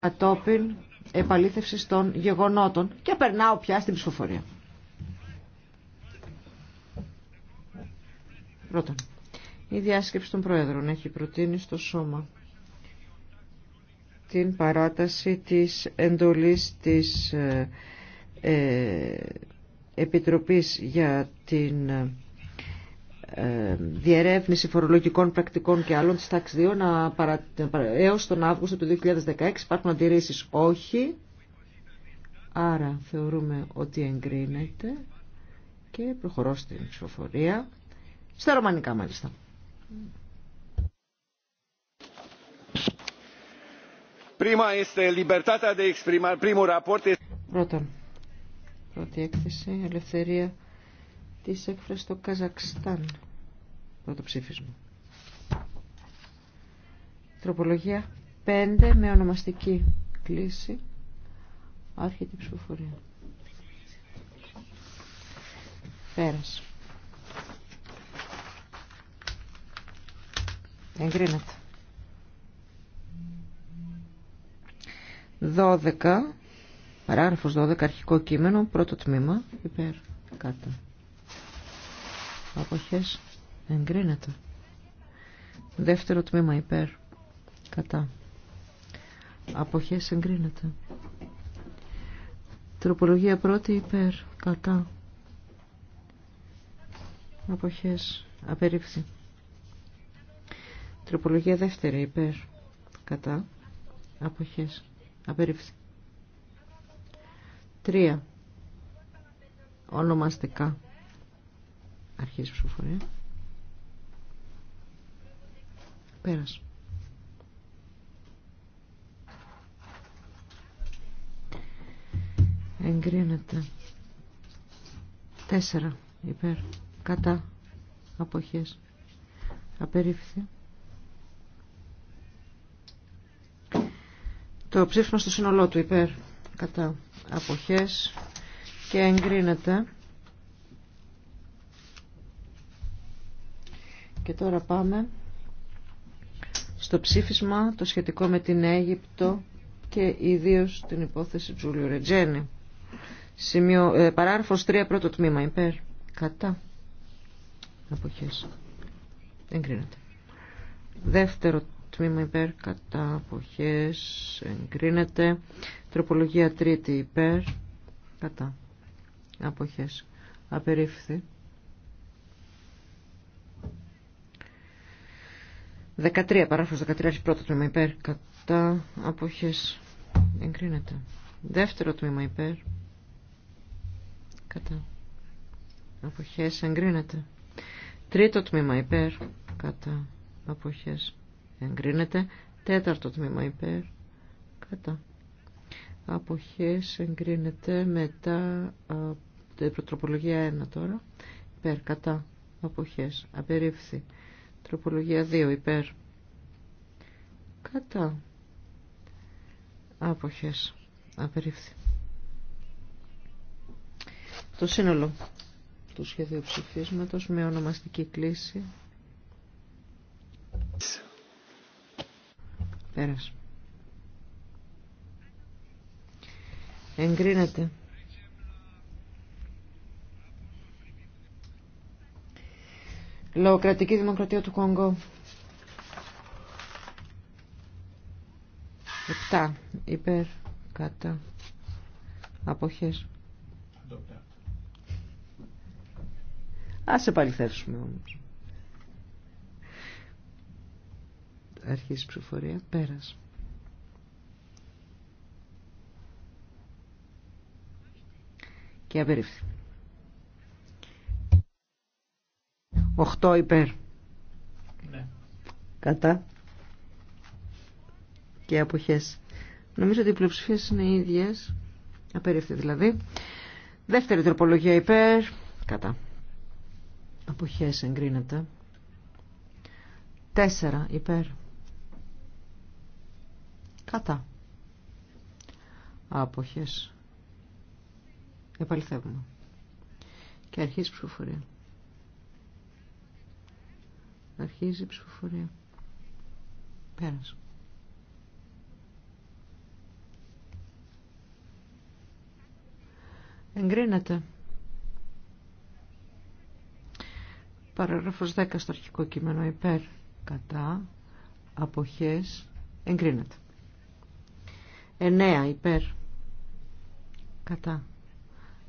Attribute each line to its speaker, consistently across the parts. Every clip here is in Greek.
Speaker 1: κατόπιν επαλήθευσης των γεγονότων και περνάω πια στην ψηφοφορία. Πρώτον, η διάσκεψη των Προέδρων έχει προτείνει στο Σώμα την παράταση της εντολής της ε, ε, Επιτροπής για την ε, ε, διερεύνηση φορολογικών πρακτικών και άλλων της τάξης 2 να έως τον Αύγουστο του 2016 υπάρχουν αντιρρήσεις όχι άρα θεωρούμε ότι εγκρίνεται και προχωρώ στην ψηφοφορία στα ρωμανικά μάλιστα Πρώτον, πρώτη έκθεση, ελευθερία της έκφρασης στο Καζακστάν το ψήφισμα. Τροπολογία 5 με ονομαστική κλίση. Άρχεται η ψηφοφορία. Πέρασε. Εγκρίνεται. 12, παράγραφος 12, αρχικό κείμενο, πρώτο τμήμα, υπέρ, κάτω. Αποχές, Εγκρίνεται. Δεύτερο τμήμα υπέρ. Κατά. Αποχές εγκρίνεται. Τροπολογία πρώτη υπέρ. Κατά. Αποχές. Απερίφθη. Τροπολογία δεύτερη υπέρ. Κατά. Αποχές. Απερίφθη. Τρία. Ονομαστικά. Αρχίζει ψηφοφορία. Εγκρίνεται. Τέσσερα. Υπέρ. Κατά. Αποχές. Απερίφθη. Το ψήφισμα στο σύνολό του υπέρ. Κατά. Αποχές. Και εγκρίνεται. Και τώρα πάμε στο ψήφισμα το σχετικό με την Αίγυπτο και ιδίως την υπόθεση Τζούλιο Ρετζένη. Σημείο, ε, 3 πρώτο τμήμα υπέρ. Κατά. Αποχές. κρίνεται. Δεύτερο τμήμα υπέρ. Κατά. Αποχές. Εγκρίνεται. Τροπολογία τρίτη υπέρ. Κατά. Αποχές. Απερίφθη. 13, παράφορα 13, αρχή πρώτο τμήμα υπέρ, κατά αποχές εγκρίνεται. Δεύτερο τμήμα υπέρ, κατά αποχές εγκρίνεται. Τρίτο τμήμα υπέρ, κατά αποχές εγκρίνεται. Τέταρτο τμήμα υπέρ, κατά αποχές εγκρίνεται μετά την ε, προτροπολογία 1 τώρα. Υπέρ, κατά αποχές, απερίφθη. Τροπολογία 2 υπέρ. Κατά. Άποχες. Απερίφθη. Το σύνολο του σχεδίου ψηφίσματος με ονομαστική κλίση. Πέρασε Εγκρίνεται. Λογοκρατική Δημοκρατία του Κόγκο. 7 υπέρ κατά αποχές. Ας επαληθεύσουμε όμως. Αρχίζει η Πέρας. Και απερίφθη. 8 υπέρ. Ναι. Κατά. Και αποχές. Νομίζω ότι οι πλειοψηφίες είναι οι ίδιες. Απερίφθη δηλαδή. Δεύτερη τροπολογία υπέρ. Κατά. Αποχές εγκρίνεται. Τέσσερα υπέρ. Κατά. Άποχες. Επαληθεύουμε. Και η ψηφοφορία. Αρχίζει η ψηφοφορία. Πέρασε. Εγκρίνεται. Παράγραφος 10 στο αρχικό κείμενο υπέρ κατά αποχές εγκρίνεται. 9 υπέρ κατά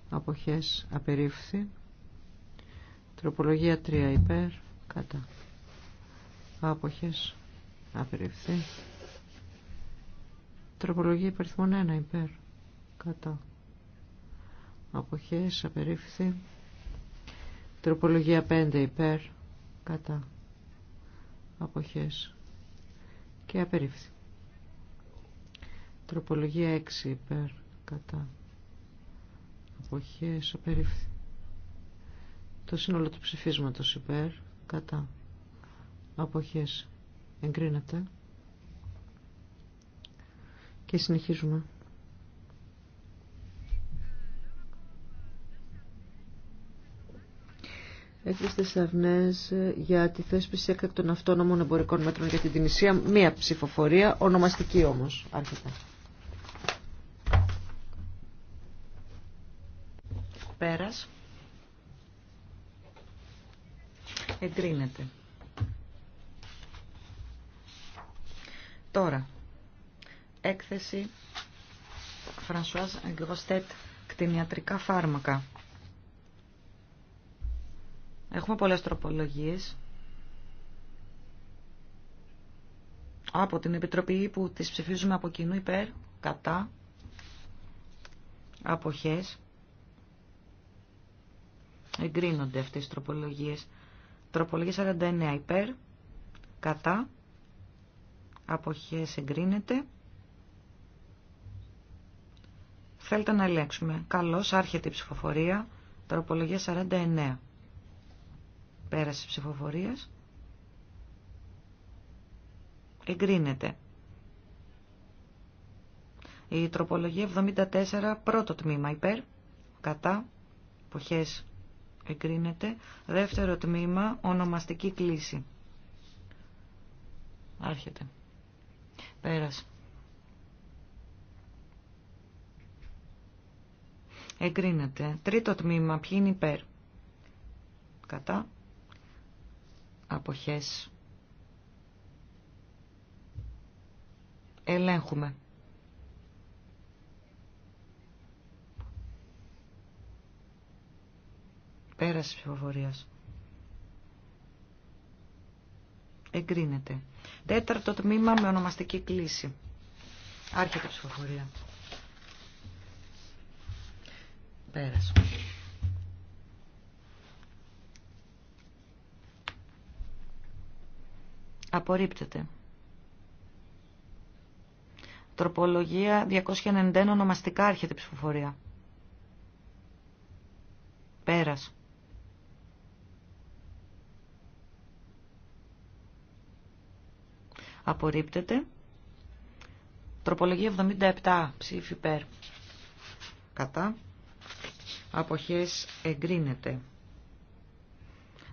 Speaker 1: αποχές απερίφθη. Τροπολογία 3 υπέρ κατά άποχες απεριφθεί τροπολογία υπαριθμών 1 υπέρ κατά αποχές απερίφθη τροπολογία 5 υπέρ κατά αποχές και απερίφθη τροπολογία 6 υπέρ κατά αποχές απερίφθη το σύνολο του ψηφίσματος υπέρ κατά αποχές εγκρίνεται και συνεχίζουμε Έφεστε σαρνές ε, για τη θέσπιση έκτακτων αυτόνομων εμπορικών μέτρων για την Τινησία. Μία ψηφοφορία, ονομαστική όμω. Άρχεται.
Speaker 2: Πέρας. Εγκρίνεται. Τώρα, έκθεση Φρανσουάς Γκροστέτ, κτηνιατρικά φάρμακα. Έχουμε πολλές τροπολογίες. Από την Επιτροπή που τις ψηφίζουμε από κοινού υπέρ, κατά, αποχές. Εγκρίνονται αυτές οι τροπολογίες. Τροπολογία 49 υπέρ, κατά, αποχές εγκρίνεται. Θέλετε να ελέγξουμε. Καλώς, άρχεται η ψηφοφορία. Τροπολογία 49. Πέραση ψηφοφορίας. Εγκρίνεται. Η τροπολογία 74, πρώτο τμήμα υπέρ, κατά, εποχές εγκρίνεται. Δεύτερο τμήμα, ονομαστική κλίση. Άρχεται. Πέρασε. Εγκρίνεται. Τρίτο τμήμα. Ποιοι είναι υπέρ. Κατά. Αποχές. Ελέγχουμε. Πέραση ψηφοφορίας. Εγκρίνεται. Τέταρτο τμήμα με ονομαστική κλίση. Άρχεται η ψηφοφορία. Πέρασε. Απορρίπτεται. Τροπολογία 291 ονομαστικά Άρχεται η ψηφοφορία. Πέρασε. απορρίπτεται. Τροπολογία 77, ψήφι υπέρ. Κατά. Αποχές εγκρίνεται.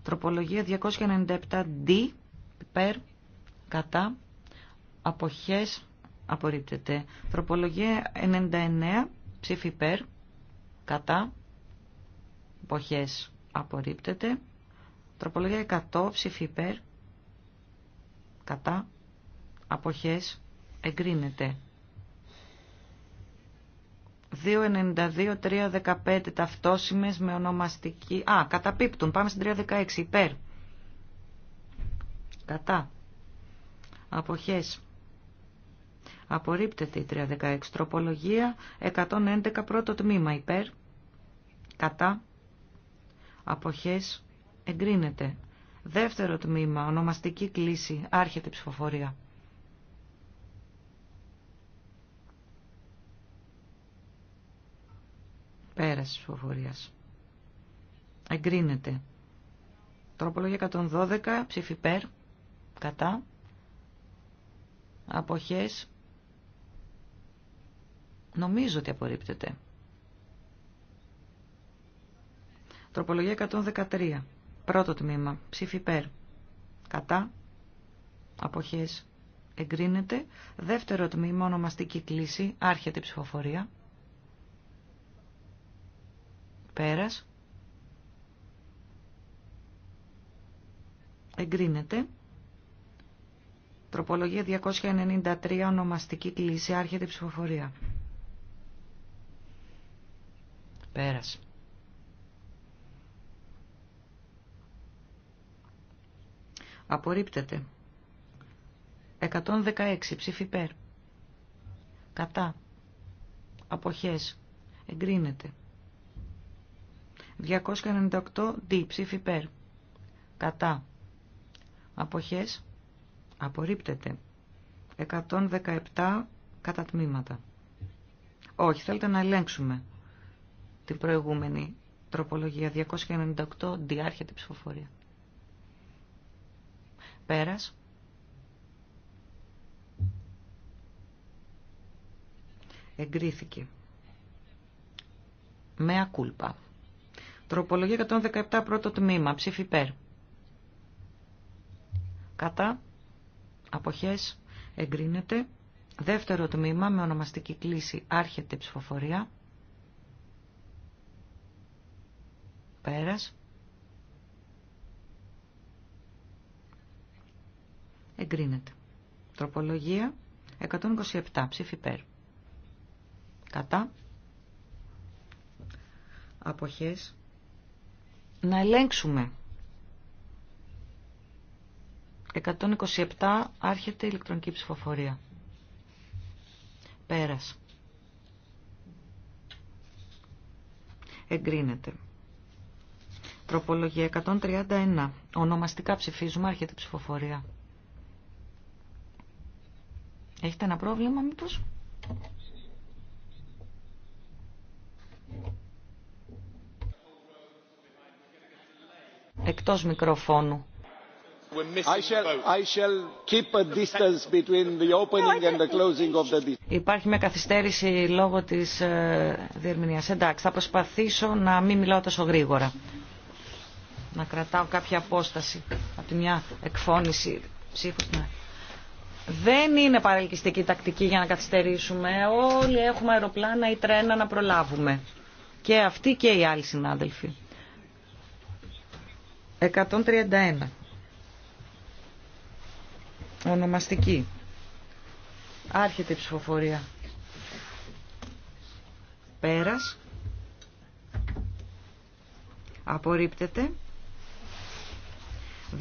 Speaker 2: Τροπολογία 297D, υπέρ. Κατά. Αποχές απορρίπτεται. Τροπολογία 99, ψήφι υπέρ. Κατά. Αποχές απορρίπτεται. Τροπολογία 100, ψήφι υπέρ. Κατά αποχές εγκρίνεται. 2.92-3.15 ταυτόσημες με ονομαστική... Α, καταπίπτουν. Πάμε στην 3.16. Υπέρ. Κατά. Αποχές. Απορρίπτεται η 3.16. Τροπολογία 111 πρώτο τμήμα. Υπέρ. Κατά. Αποχές. Εγκρίνεται. Δεύτερο τμήμα. Ονομαστική κλίση. Άρχεται η ψηφοφορία. Πέρας της ψηφοφορίας. Εγκρίνεται. Τροπολογία 112, ψήφι περ, κατά, αποχές, νομίζω ότι απορρίπτεται. Τροπολογία 113, πρώτο τμήμα, ψήφι περ, κατά, αποχές, εγκρίνεται. Δεύτερο τμήμα, ονομαστική κλίση, άρχεται η ψηφοφορία. Πέρας. Εγκρίνεται. Τροπολογία 293 ονομαστική κλίση. Άρχεται ψηφοφορία. Πέρας. Απορρίπτεται. 116 ψήφι ΠΕΡ Κατά. Αποχές. Εγκρίνεται. 298 D. Ψήφι υπέρ. Κατά. Αποχές. Απορρίπτεται. 117 κατά τμήματα. Όχι, θέλετε να ελέγξουμε την προηγούμενη τροπολογία. 298 διάρχεται ψηφοφορία. Πέρας. Εγκρίθηκε. με ακούλπα. Τροπολογία 117 πρώτο τμήμα. Ψήφι υπέρ. Κατά. Αποχές. Εγκρίνεται. Δεύτερο τμήμα με ονομαστική κλίση. Άρχεται ψηφοφορία. Πέρας. Εγκρίνεται. Τροπολογία 127. Ψήφι υπέρ. Κατά. Αποχές να ελέγξουμε. 127 άρχεται η ηλεκτρονική ψηφοφορία. Πέρας. Εγκρίνεται. Τροπολογία 131. Ονομαστικά ψηφίζουμε, άρχεται η ψηφοφορία. Έχετε ένα πρόβλημα μήπως? Εκτός μικροφώνου. Υπάρχει μια καθυστέρηση λόγω της ε, διερμηνίας. Εντάξει, θα προσπαθήσω να μην μιλάω τόσο γρήγορα. Να κρατάω κάποια απόσταση από μια εκφώνηση ψήφου Δεν είναι παρελκυστική τακτική για να καθυστερήσουμε. Όλοι έχουμε αεροπλάνα ή τρένα να προλάβουμε. Και αυτοί και οι άλλοι συνάδελφοι. 131. Ονομαστική. Άρχεται η ψηφοφορία. Πέρας. Απορρίπτεται.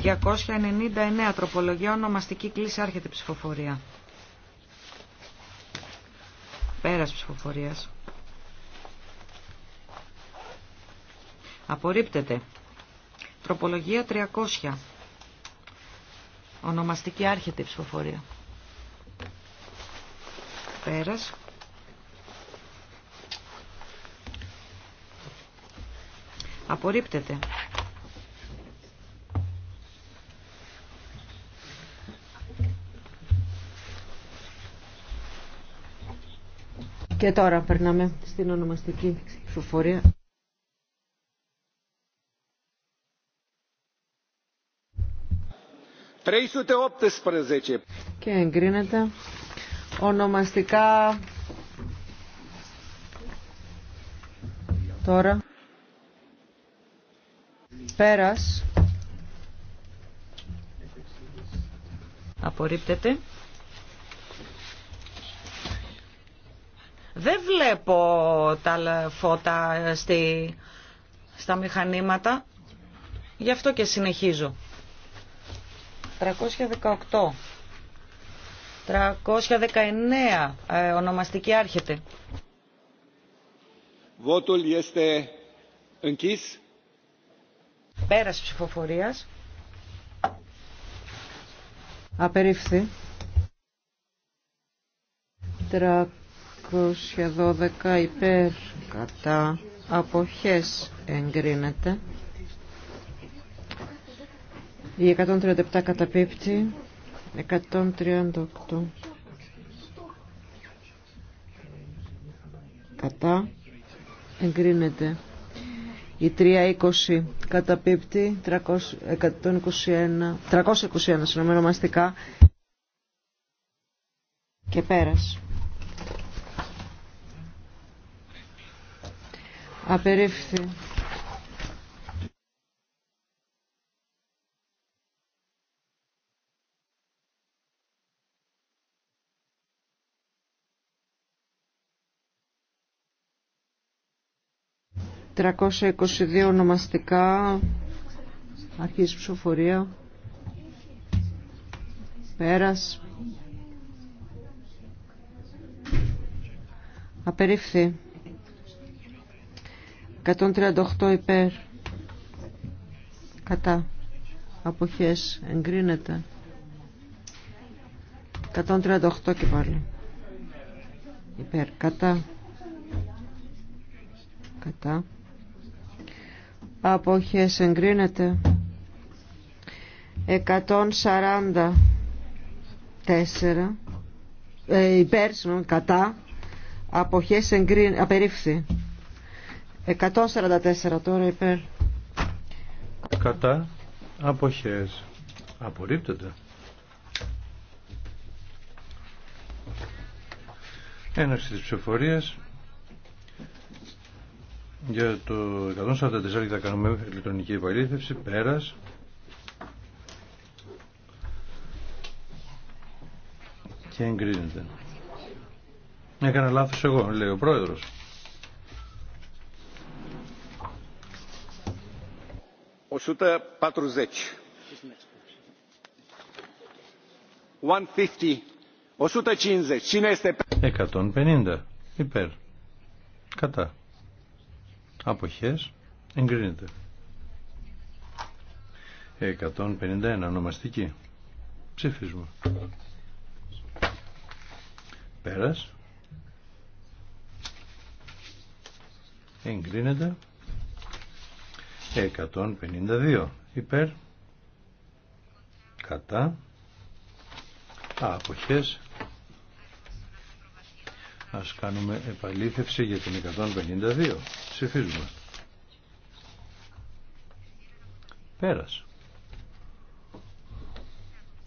Speaker 2: 299 τροπολογία ονομαστική κλίση άρχεται η ψηφοφορία. Πέρας ψηφοφορίας. Απορρίπτεται. Τροπολογία 300. Ονομαστική άρχεται η ψηφοφορία. Πέρας. Απορρίπτεται.
Speaker 1: Και τώρα περνάμε στην ονομαστική ψηφοφορία. Και εγκρίνεται ονομαστικά τώρα πέρας
Speaker 2: απορρίπτεται δεν βλέπω τα φώτα ε, στη, στα μηχανήματα γι' αυτό και συνεχίζω 318. 319. Ε, ονομαστική άρχεται.
Speaker 3: Votul este închis.
Speaker 1: Πέρας ψηφοφορίας. Απερίφθη. 312 υπέρ κατά αποχές εγκρίνεται. Η 137 καταπίπτει. 138. Κατά. Εγκρίνεται. Η 320 καταπίπτει. 300, 321 συνομένα μαστικά. Και πέρας. Απερίφθη. 322 ονομαστικά αρχής ψηφοφορία πέρας απερίφθη 138 υπέρ κατά αποχές εγκρίνεται 138 και πάλι υπέρ κατά κατά αποχές εγκρίνεται 144 ε, υπέρ κατά αποχές εγκρίνεται απερίφθη 144 τώρα υπέρ
Speaker 3: κατά αποχές απορρίπτεται Ένωση της ψηφοφορίας για το 144 θα κάνουμε ηλεκτρονική υπαλλήθευση. Πέρας. Και εγκρίνεται. Έκανα λάθος εγώ, λέει ο πρόεδρος. Σούτα Πατρουζέτσι. 150. 150. Cine este... 150. Υπέρ. Κατά. Αποχές. Εγκρίνεται. 151. Ονομαστική. Ψηφίσμα. Πέρας. Εγκρίνεται. 152. Υπέρ. Κατά. Α, αποχές. Ας κάνουμε επαλήθευση για την 152. Ψηφίζουμε. Πέρασε.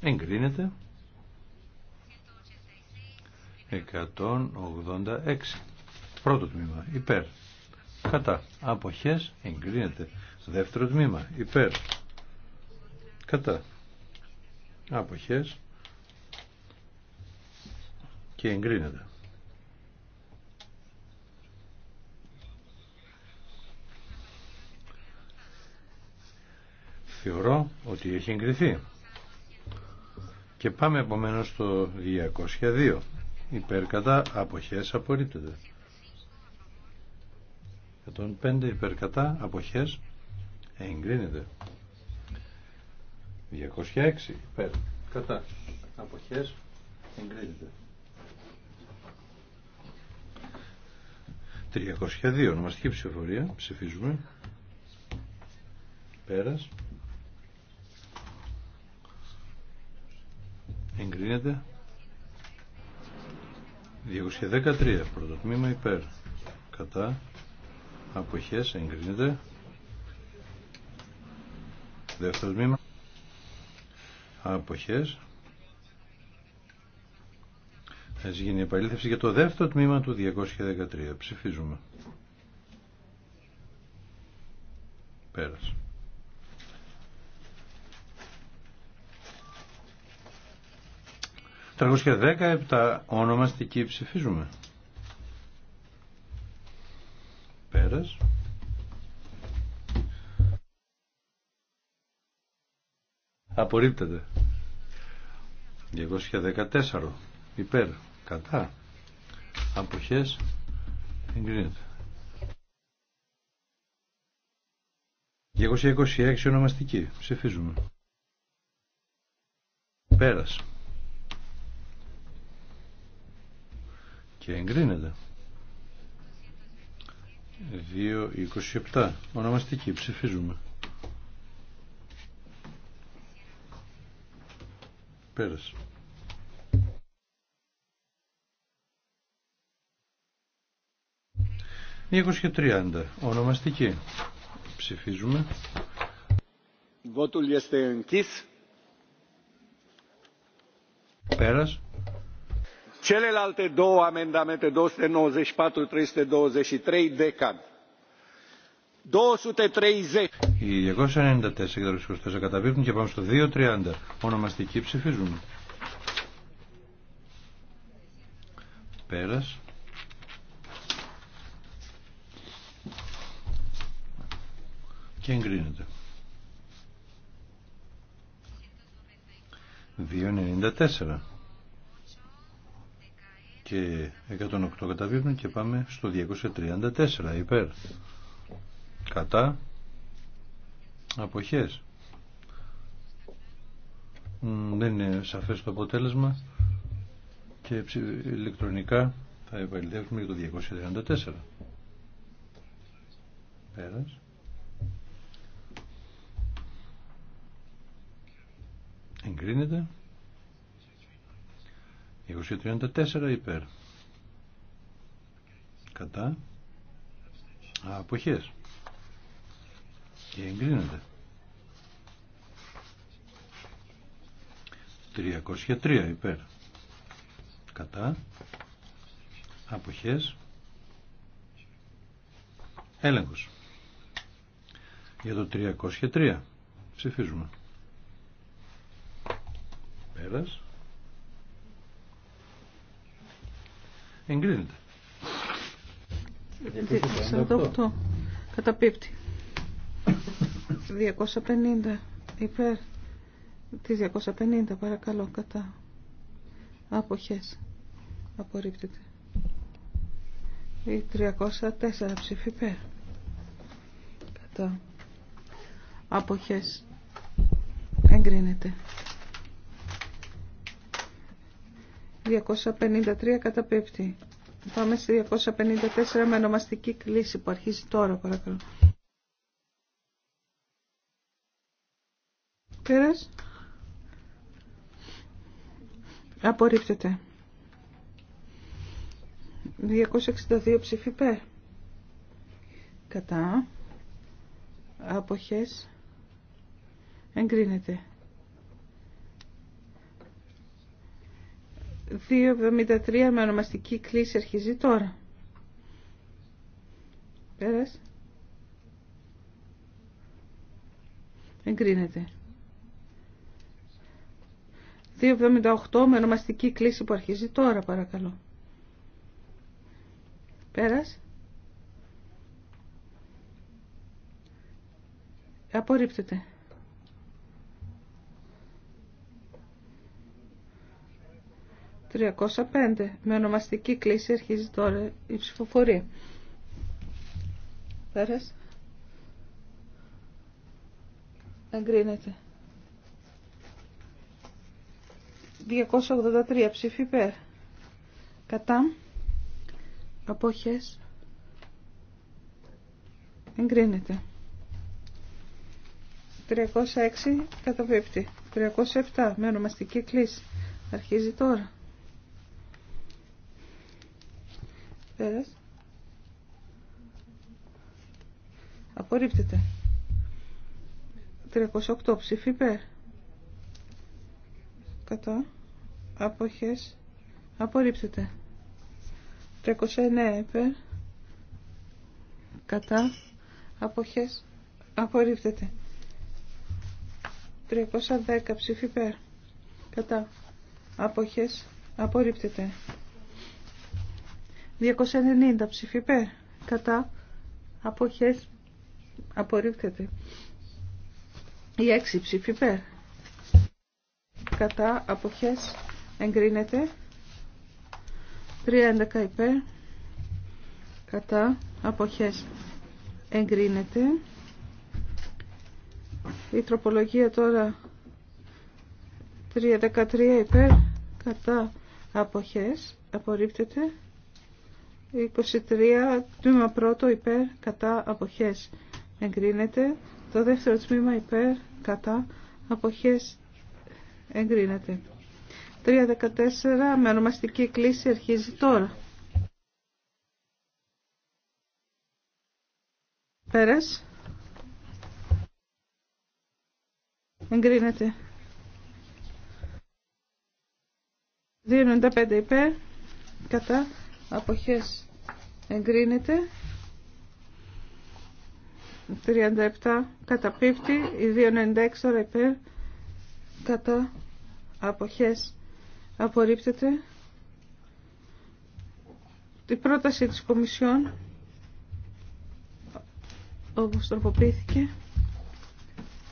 Speaker 3: Εγκρίνεται. 186. Πρώτο τμήμα. Υπέρ. Κατά. Αποχές. Εγκρίνεται. Δεύτερο τμήμα. Υπέρ. Κατά. Αποχές. Και εγκρίνεται. Θεωρώ ότι έχει εγκριθεί. Και πάμε επομένως στο 202. Υπέρ κατά αποχές απορρίπτεται. 105 υπέρ κατά αποχές εγκρίνεται. 206 υπέρ κατά αποχές εγκρίνεται. 302 ονομαστική ψηφοφορία ψηφίζουμε. Πέρας. εγκρίνεται 213 πρώτο τμήμα υπέρ κατά αποχές εγκρίνεται δεύτερο τμήμα αποχές θα γίνει η επαλήθευση για το δεύτερο τμήμα του 213 ψηφίζουμε πέρασε 317 ονομαστική ψηφίζουμε. Πέρας. Απορρίπτεται. 214 υπέρ κατά αποχές εγκρίνεται. 226 ονομαστική ψηφίζουμε. Πέρας. και εγκρίνεται. 2.27 ονομαστική ψηφίζουμε. Πέρασε. και ονομαστική ψηφίζουμε. Votul este celelalte două amendamente două sute nouăzeci și patru trei sute douăzeci și trei decan. două sute treizeci. Οι 294 230. Ονομαστική ψηφίζουμε. Πέρας. Και 294 και 108 καταβίβουν και πάμε στο 234 υπέρ κατά αποχές δεν είναι σαφές το αποτέλεσμα και ηλεκτρονικά θα επαληθεύσουμε για το 234 πέρας εγκρίνεται 234 υπέρ. Κατά. Αποχές. Και εγκρίνεται. 303 υπέρ. Κατά. Αποχές. Έλεγχος. Για το 303 ψηφίζουμε. Πέρας. Εγκρίνεται. 48.
Speaker 4: Καταπίπτει. 250. Υπέρ. Τις 250 παρακαλώ κατά. Αποχές. Απορρίπτεται. Η 304 ψήφι υπέρ. Κατά. Αποχές. Εγκρίνεται. 253 καταπέφτει. Πάμε στη 254 με ονομαστική κλίση που αρχίζει τώρα παρακαλώ. Πέρας. Απορρίπτεται. 262 ψηφίπε. Κατά. Αποχές. Εγκρίνεται. 2.73 με ονομαστική κλίση αρχίζει τώρα. Πέρας. Εγκρίνεται. 2.78 με ονομαστική κλίση που αρχίζει τώρα παρακαλώ. Πέρας. Απορρίπτεται. 305. Με ονομαστική κλίση αρχίζει τώρα η ψηφοφορία. Πέρας. Εγκρίνεται. 283 ψήφι υπέρ. Κατά. Απόχες. Εγκρίνεται. 306 καταπίπτει. 307 με ονομαστική κλίση. Αρχίζει τώρα. Πέρας. Απορρίπτεται. 308 ψήφι Κατά. Αποχές. Απορρίπτεται. 309 υπέρ. Κατά. Αποχές. Απορρίπτεται. 310 ψήφι Κατά. Αποχές. Απορρίπτεται. 290 ψηφίπερ Κατά. Αποχές. Απορρίπτεται. Η 6 ψήφι Κατά. Αποχές. Εγκρίνεται. 311 υπέρ. Κατά. Αποχές. Εγκρίνεται. Η τροπολογία τώρα 313 υπέρ κατά αποχές απορρίπτεται 23 τμήμα πρώτο υπέρ κατά αποχές εγκρίνεται. Το δεύτερο τμήμα υπέρ κατά αποχές εγκρίνεται. 3.14 με ονομαστική κλίση αρχίζει τώρα. Πέρας. Εγκρίνεται. 2.95 υπέρ κατά αποχές εγκρίνεται 37 καταπίπτει η 296 ρεπέρ κατά αποχές απορρίπτεται η πρόταση της Κομισιόν όπως τροποποιήθηκε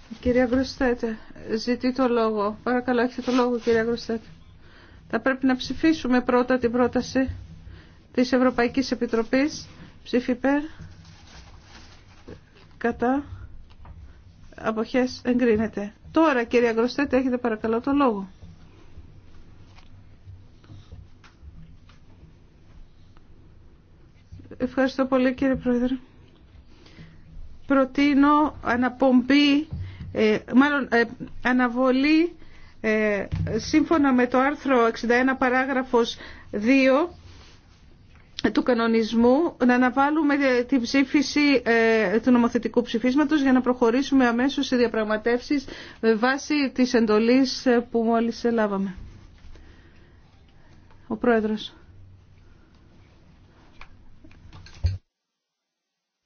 Speaker 4: η κυρία Γκροστέτε ζητεί το λόγο παρακαλώ έχετε το λόγο κυρία Γκροστέτε θα πρέπει να ψηφίσουμε πρώτα την πρόταση της Ευρωπαϊκής Επιτροπής. Ψήφι Κατά. Αποχές εγκρίνεται. Τώρα κύριε Γκροστέτ έχετε παρακαλώ το λόγο. Ευχαριστώ πολύ κύριε Πρόεδρε. Προτείνω αναπομπή, ε, μάλλον ε, αναβολή ε, σύμφωνα με το άρθρο 61 παράγραφος 2 του κανονισμού να αναβάλουμε την ψήφιση ε, του νομοθετικού ψηφίσματος για να προχωρήσουμε αμέσως σε διαπραγματεύσεις βάση της εντολής ε, που μόλις λάβαμε. Ο Πρόεδρος.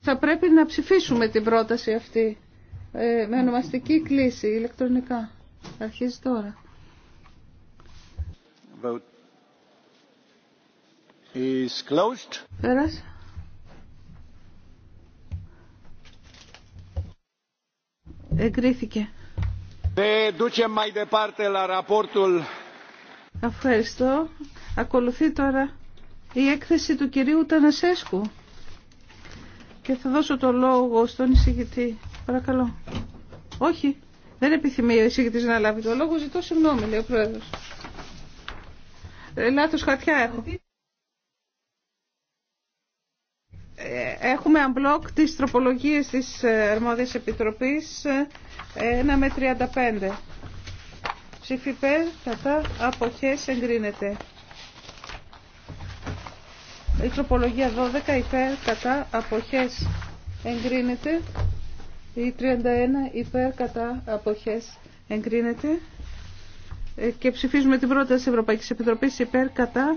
Speaker 4: Θα πρέπει να ψηφίσουμε την πρόταση αυτή ε, με ονομαστική κλίση ηλεκτρονικά. Αρχίζει τώρα.
Speaker 3: Is closed. Εγκρίθηκε. Ne ducem mai departe la
Speaker 4: Ευχαριστώ. Ακολουθεί τώρα η έκθεση του κυρίου Τανασέσκου. Και θα δώσω το λόγο στον εισηγητή. Παρακαλώ. Όχι. Δεν επιθυμεί ο εισηγητής να λάβει το λόγο. Ζητώ συγγνώμη, λέει ο πρόεδρος. Ε, λάθος χαρτιά έχω. Ε, έχουμε unblock τις τροπολογίες της ε, Αρμόδιας Επιτροπής 1 ε, με 35. Ψήφι κατά, αποχές, εγκρίνεται. Η τροπολογία 12 υπέρ, κατά, αποχές, εγκρίνεται. Η 31 υπέρ, κατά, αποχές, εγκρίνεται. Και ψηφίζουμε την πρόταση Ευρωπαϊκής Επιτροπής υπέρ, κατά,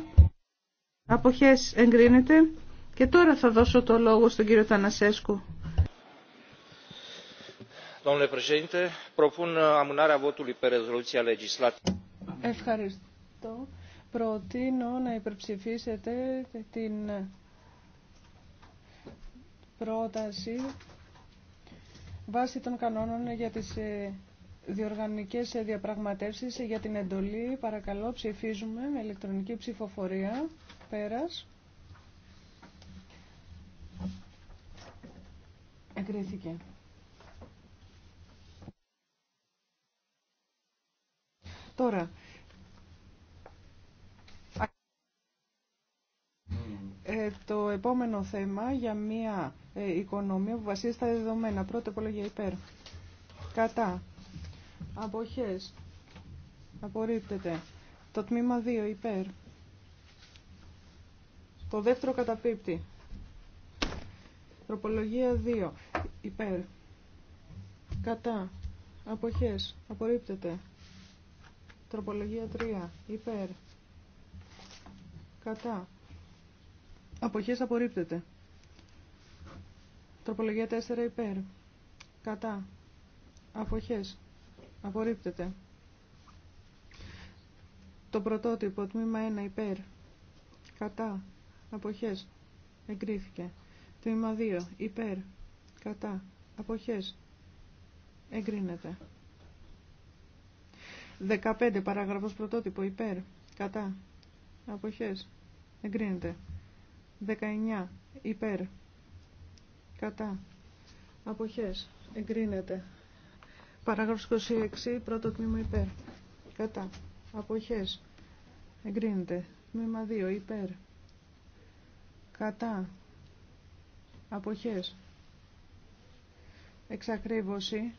Speaker 4: αποχές, εγκρίνεται. Και τώρα θα δώσω το λόγο στον κύριο Θανασέσκου. Ευχαριστώ. Προτείνω να υπερψηφίσετε την πρόταση βάσει των κανόνων για τις ε, διοργανικές ε, διαπραγματεύσεις ε, για την εντολή. Παρακαλώ ψηφίζουμε με ηλεκτρονική ψηφοφορία. Πέρας. Εγκρίθηκε. Τώρα, Ε, το επόμενο θέμα για μια ε, οικονομία που βασίζεται στα δεδομένα. Πρώτο απολογία υπέρ. Κατά. Αποχές. Απορρίπτεται. Το τμήμα 2 υπέρ. Το δεύτερο καταπίπτει. Τροπολογία 2 υπέρ κατά αποχές απορρίπτεται τροπολογία 3 υπέρ κατά αποχές απορρίπτεται τροπολογία 4 υπέρ κατά αποχές απορρίπτεται το πρωτότυπο τμήμα 1 υπέρ κατά αποχές εγκρίθηκε τμήμα 2 υπέρ κατά αποχές εγκρίνεται 15 παράγραφος πρωτότυπο υπέρ κατά αποχές εγκρίνεται 19 υπέρ κατά αποχές εγκρίνεται παράγραφος 26 πρώτο τμήμα υπέρ κατά αποχές εγκρίνεται τμήμα 2 υπέρ κατά αποχές Εξακρίβωση.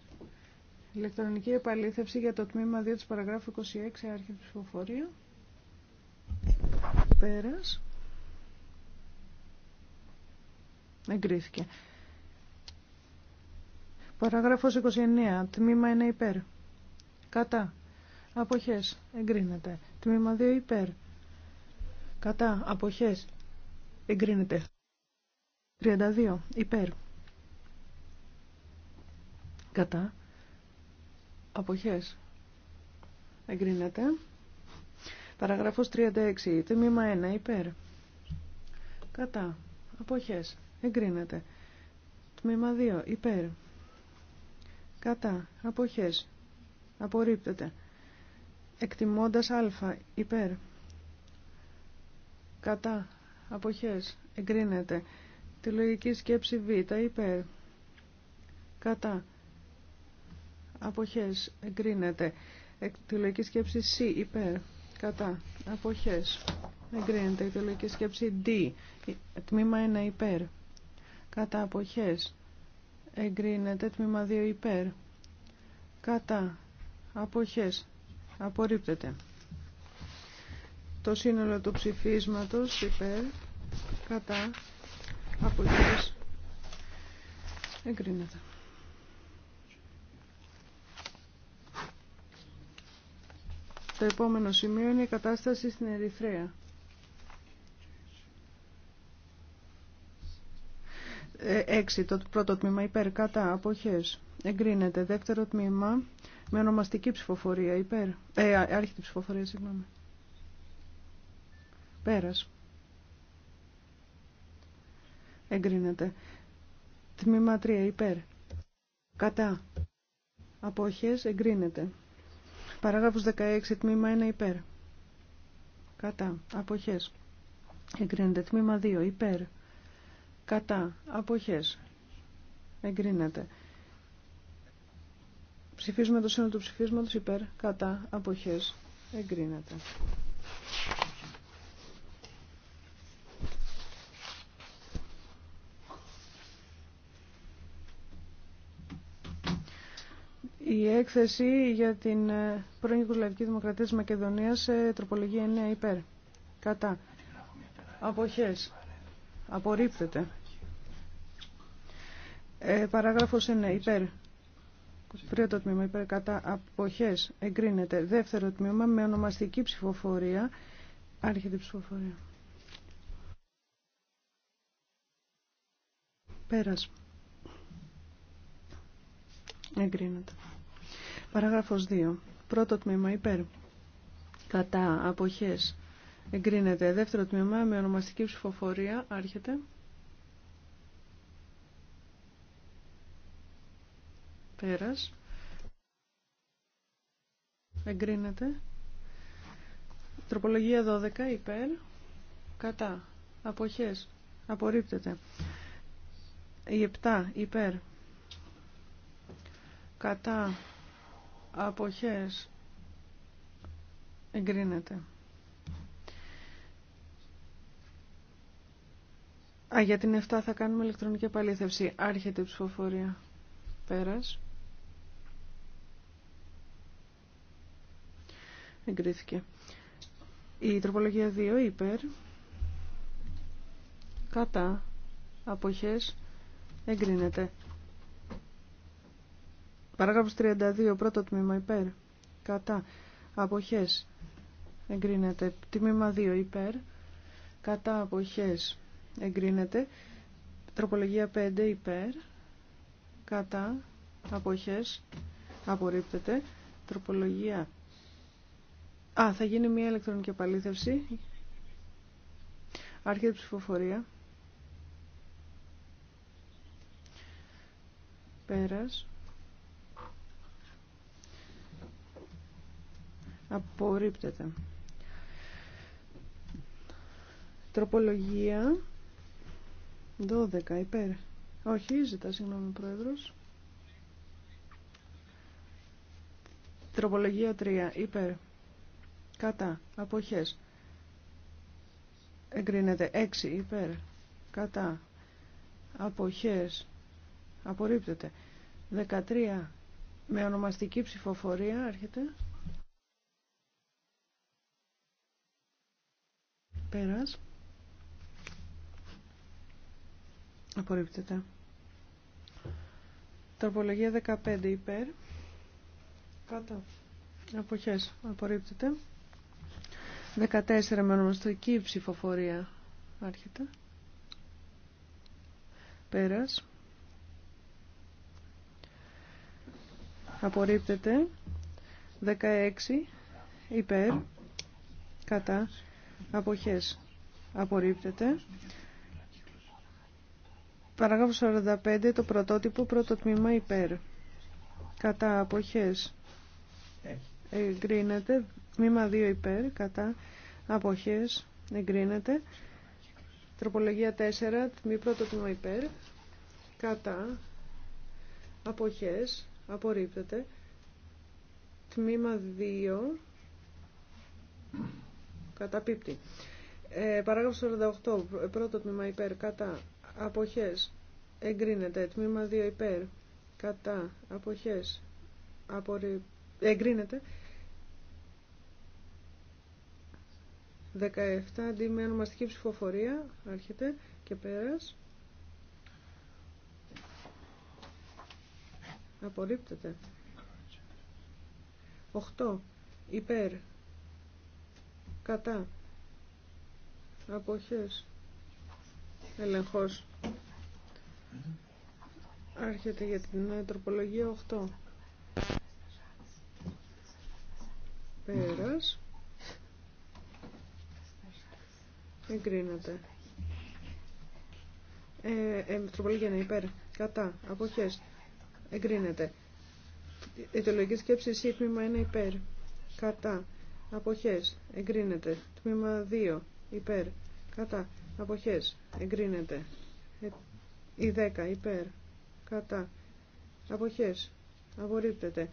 Speaker 4: Ηλεκτρονική επαλήθευση για το τμήμα 2 της παραγράφου 26 άρχη ψηφοφορία. Πέρας. Εγκρίθηκε. Παραγράφος 29. Τμήμα 1 υπέρ. Κατά. Αποχές. Εγκρίνεται. Τμήμα 2 υπέρ. Κατά. Αποχές. Εγκρίνεται. 32. Υπέρ. Κατά. Αποχές. Εγκρίνεται. Παραγράφος 36. Τμήμα 1. Υπέρ. Κατά. Αποχές. Εγκρίνεται. Τμήμα 2. Υπέρ. Κατά. Αποχές. Απορρίπτεται. Εκτιμώντας α. Υπέρ. Κατά. Αποχές. Εγκρίνεται. Τη λογική σκέψη β. Υπέρ. Κατά αποχές εγκρίνεται. λογική σκέψη C υπέρ κατά αποχές εγκρίνεται. λογική σκέψη D τμήμα 1 υπέρ κατά αποχές εγκρίνεται. Τμήμα 2 υπέρ κατά αποχές απορρίπτεται. Το σύνολο του ψηφίσματος υπέρ κατά αποχές εγκρίνεται. Το επόμενο σημείο είναι η κατάσταση στην Ερυθρέα. Ε, έξι, το πρώτο τμήμα υπέρ, κατά, αποχές. Εγκρίνεται. Δεύτερο τμήμα με ονομαστική ψηφοφορία υπέρ. Ε, άρχιτη ψηφοφορία, συγγνώμη. Πέρας. Εγκρίνεται. Τμήμα 3 υπέρ. Κατά. Αποχές εγκρίνεται. Παράγραφος 16 τμήμα 1 υπέρ. Κατά. Αποχές. Εγκρίνεται τμήμα 2 υπέρ. Κατά. Αποχές. Εγκρίνεται. Ψηφίζουμε το σύνολο του ψηφίσματος υπέρ. Κατά. Αποχές. Εγκρίνεται. Η έκθεση για την ε, πρώην Ιουγκοσλαβική Δημοκρατία της Μακεδονίας, ε, τροπολογία είναι υπέρ. Κατά. Αποχές. Απορρίπτεται. Ε, παράγραφος είναι υπέρ. Πρώτο τμήμα υπέρ κατά αποχές εγκρίνεται. Δεύτερο τμήμα με ονομαστική ψηφοφορία. Άρχεται ψηφοφορία. Πέρας. Εγκρίνεται. Παράγραφος 2. Πρώτο τμήμα υπέρ. Κατά. Αποχές. Εγκρίνεται. Δεύτερο τμήμα με ονομαστική ψηφοφορία. Άρχεται. Πέρας. Εγκρίνεται. Τροπολογία 12 υπέρ. Κατά. Αποχές. Απορρίπτεται. Η 7 υπέρ. Κατά αποχές εγκρίνεται. Α, για την 7 θα κάνουμε ηλεκτρονική επαλήθευση. Άρχεται η ψηφοφορία. Πέρας. Εγκρίθηκε. Η τροπολογία 2 υπέρ. Κατά. Αποχές. Εγκρίνεται. Παράγραφος 32, πρώτο τμήμα υπέρ. Κατά. Αποχές. Εγκρίνεται. Τμήμα 2 υπέρ. Κατά αποχές. Εγκρίνεται. Τροπολογία 5 υπέρ. Κατά αποχές. Απορρίπτεται. Τροπολογία. Α, θα γίνει μια ηλεκτρονική επαλήθευση. Άρχεται ψηφοφορία. Πέρας. Απορρίπτεται. Τροπολογία 12 υπέρ. Όχι, ζητά συγγνώμη πρόεδρος. Τροπολογία 3 υπέρ. Κατά. Αποχές. Εγκρίνεται 6 υπέρ. Κατά. Αποχές. Απορρίπτεται. 13 με ονομαστική ψηφοφορία έρχεται. Πέρας. Απορρίπτεται. Τροπολογία 15 υπέρ. Κατά. Αποχές. Απορρίπτεται. 14 με ονομαστική ψηφοφορία. Άρχεται. Πέρας. Απορρίπτεται. 16 υπέρ. Κατά. Αποχές. Απορρίπτεται. Παράγραφος 45. Το πρωτότυπο πρώτο τμήμα υπέρ. Κατά αποχές. Εγκρίνεται. Τμήμα 2 υπέρ. Κατά αποχές. Εγκρίνεται. Τροπολογία 4. Τμή πρώτο τμήμα υπέρ. Κατά αποχές. Απορρίπτεται. Τμήμα 2 Καταπίπτει. Ε, παράγραφος 48. Πρώτο τμήμα υπέρ. Κατά. Αποχές. Εγκρίνεται. Τμήμα 2 υπέρ. Κατά. Αποχές. Απορρι... Εγκρίνεται. 17 αντί με ονομαστική ψηφοφορία. Άρχεται και πέρας. Απορρίπτεται. 8. Υπέρ κατά αποχές ελεγχός άρχεται για την ε, τροπολογία 8 πέρας εγκρίνεται ε, ε, τροπολογία είναι υπέρ κατά αποχές εγκρίνεται η ε, σκέψη σύμφωνα είναι υπέρ κατά Αποχές. Εγκρίνεται. Τμήμα 2. Υπέρ. Κατά. Αποχές. Εγκρίνεται. Ε, η 10. Υπέρ. Κατά. Αποχές. Απορρίπτεται.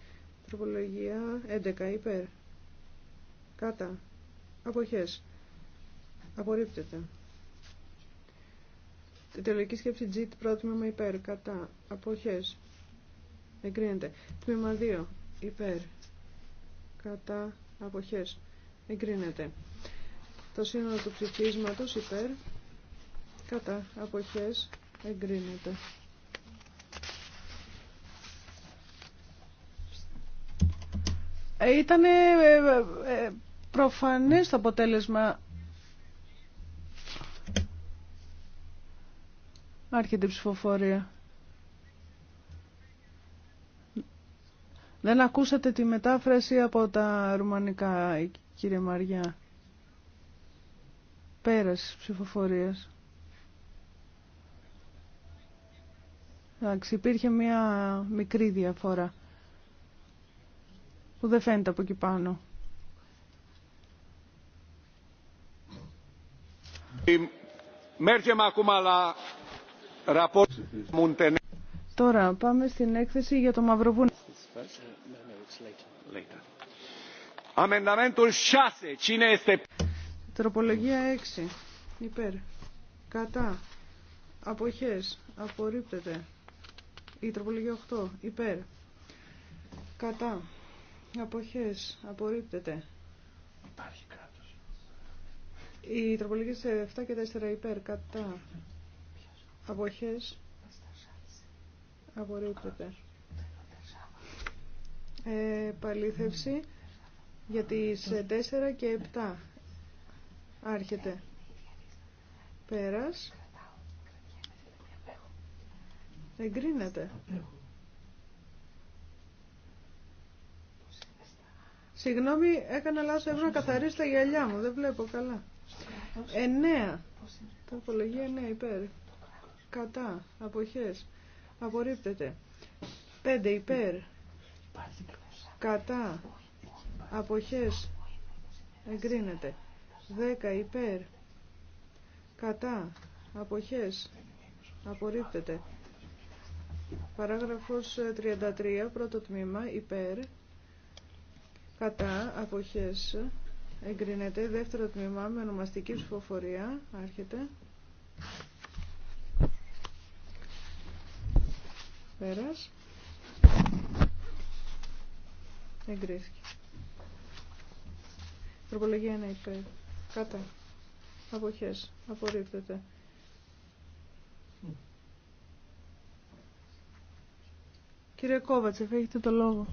Speaker 4: Τροπολογία 11. Υπέρ. Κατά. Αποχές. Απορρίπτεται. Τετελογική σκέψη G. Πρώτο τμήμα υπέρ. Κατά. Αποχές. Εγκρίνεται. Τμήμα 2. Υπέρ. Κατά αποχές εγκρίνεται. Το σύνολο του ψηφίσματος υπέρ κατά αποχές εγκρίνεται. Ε, Ήταν ε, ε, προφανές το αποτέλεσμα. Άρχεται η ψηφοφορία. Δεν ακούσατε τη μετάφραση από τα ρουμανικά, κύριε Μαριά. Πέραση ψηφοφορίας. Εντάξει, υπήρχε μία μικρή διαφορά που δεν φαίνεται από εκεί πάνω. Τώρα πάμε στην έκθεση για το Μαυροβούνιο.
Speaker 3: Αμενταμέντο 6.
Speaker 4: Τροπολογία 6. Υπέρ. Κατά. Αποχές. Απορρίπτεται. Η τροπολογία 8. Υπέρ. Κατά. Αποχές. Απορρίπτεται. Υπάρχει κράτος. τροπολογία τροπολογία 7 και 4 υπέρ. Κατά. Αποχές. Απορρίπτεται ε, για τις 4 και 7 άρχεται πέρας εγκρίνεται Συγγνώμη, έκανα λάθος, έχω να καθαρίσω τα γυαλιά μου, δεν βλέπω καλά. 9. απολογία 9 υπέρ. Κατά. Αποχές. Απορρίπτεται. 5 υπέρ κατά αποχές εγκρίνεται 10 υπέρ κατά αποχές απορρίπτεται παράγραφος 33 ε, πρώτο τμήμα υπέρ κατά αποχές εγκρίνεται δεύτερο τμήμα με ονομαστική ψηφοφορία άρχεται πέρας Εγκρίθηκε. Τροπολογία είναι υπέρ. Κατά. Αποχές. Απορρίπτεται. Κύριε Κόβατσεφ, έχετε το λόγο.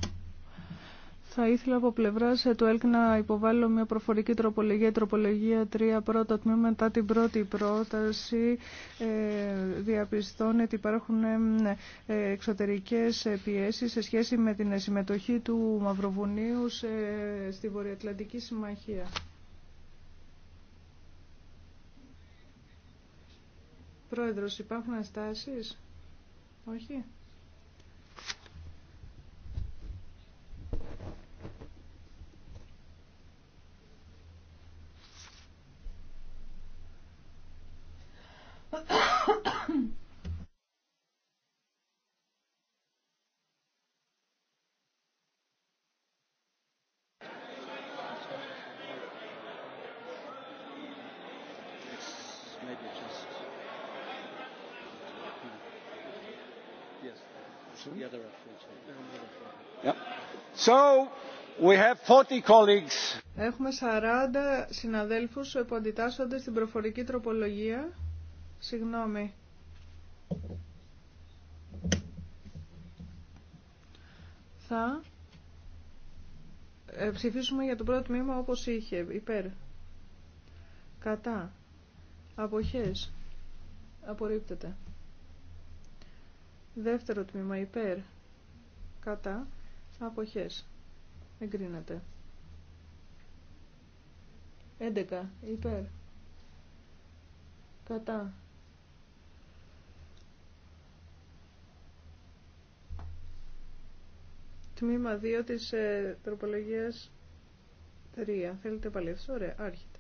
Speaker 4: Θα ήθελα από πλευρά του ΕΛΚ να υποβάλω μια προφορική τροπολογία, τροπολογία 3, πρώτο τμήμα, μετά την πρώτη πρόταση. Ε, διαπιστώνεται ότι υπάρχουν ε, ε, εξωτερικές πιέσεις σε σχέση με την συμμετοχή του Μαυροβουνίου στη Βορειοατλαντική Συμμαχία. Πρόεδρος, υπάρχουν αστάσεις? Όχι.
Speaker 3: Έχουμε 40
Speaker 4: συναδέλφους που αντιτάσσονται στην προφορική τροπολογία. Συγγνώμη. Θα ε, ψηφίσουμε για το πρώτο τμήμα όπως είχε, υπέρ. Κατά. Αποχές. Απορρίπτεται. Δεύτερο τμήμα υπέρ. Κατά. Αποχές. Εγκρίνεται. 11. Υπέρ. Κατά. τμήμα 2 της ε, τροπολογίας 3. Θέλετε αυτό. Ωραία, άρχεται.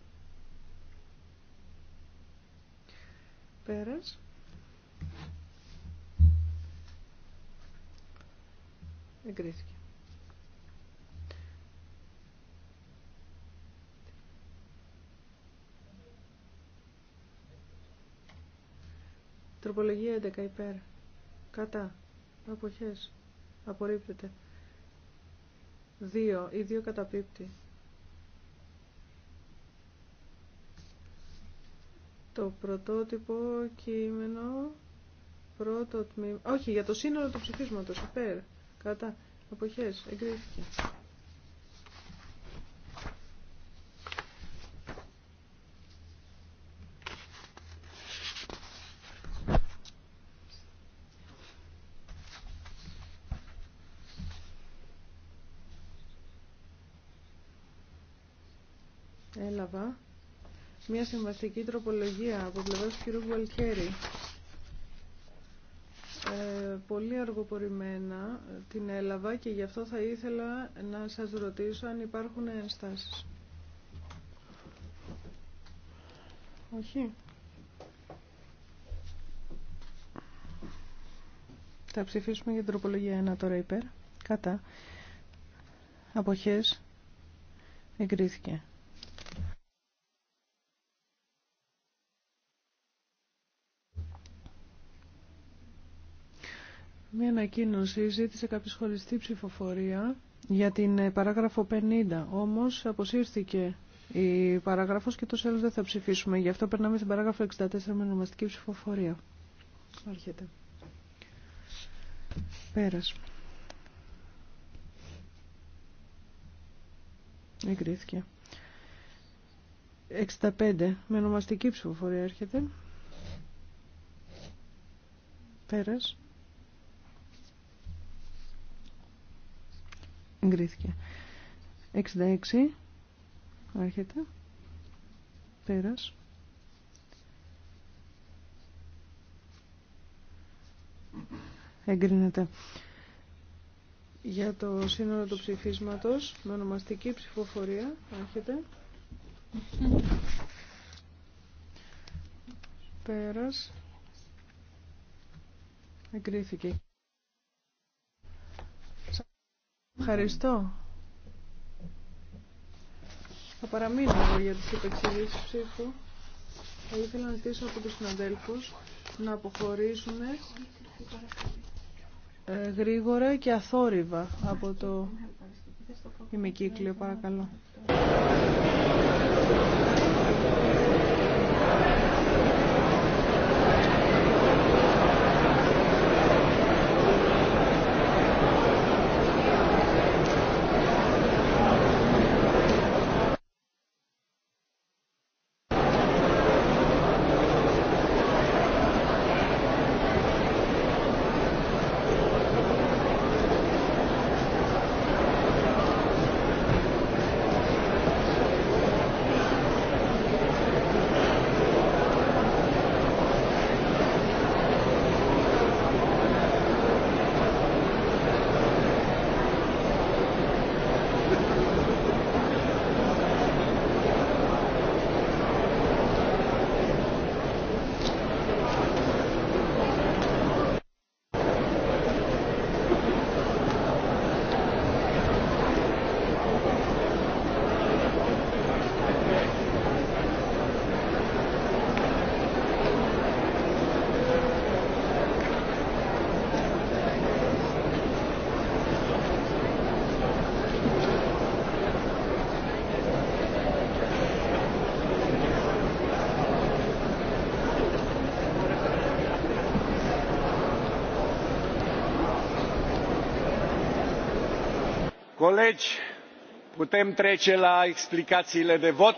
Speaker 4: Πέρας. Εγκρίθηκε. Τροπολογία 11 υπέρ. Κατά. Αποχές. Απορρίπτεται δύο Η δύο καταπίπτει. Το πρωτότυπο κείμενο. Πρώτο Όχι, για το σύνολο του ψηφίσματος. Υπέρ. Κατά. Αποχές. Εγκρίθηκε. μια συμβαστική τροπολογία από πλευρά του κ. Ε, πολύ αργοπορημένα την έλαβα και γι' αυτό θα ήθελα να σας ρωτήσω αν υπάρχουν ενστάσεις. Όχι. Θα ψηφίσουμε για τροπολογία 1 τώρα υπέρ. Κατά. Αποχές. Εγκρίθηκε. Μια ανακοίνωση ζήτησε χωριστή ψηφοφορία για την ε, παράγραφο 50. Όμως αποσύρθηκε η παράγραφος και τόσο σέλος δεν θα ψηφίσουμε. Γι' αυτό περνάμε στην παράγραφο 64 με νομαστική ψηφοφορία. Άρχεται. Πέρας. Εγκρίθηκε. 65 με νομαστική ψηφοφορία έρχεται. Πέρας. Εγκρίθηκε. 66. Άρχεται. Πέρας. Εγκρίνεται. Για το σύνολο του ψηφίσματος, με ονομαστική ψηφοφορία, άρχεται. Πέρας. Εγκρίθηκε. Ευχαριστώ. Θα παραμείνω εγώ για τις υπεξηγήσεις ψήφου. Θα ήθελα να ζητήσω από τους συναδέλφους να αποχωρήσουν ε, γρήγορα και αθόρυβα από το ημικύκλιο, παρακαλώ.
Speaker 3: Colegi, putem trece la explicațiile de vot.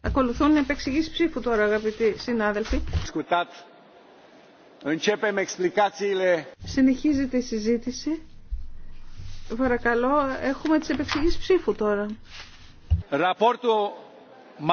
Speaker 4: Ακολουθούν επεξηγήσεις ψήφου τώρα, αγαπητοί συνάδελφοι. Συνεχίζεται η συζήτηση. Παρακαλώ, έχουμε τις επεξηγήσεις ψήφου τώρα.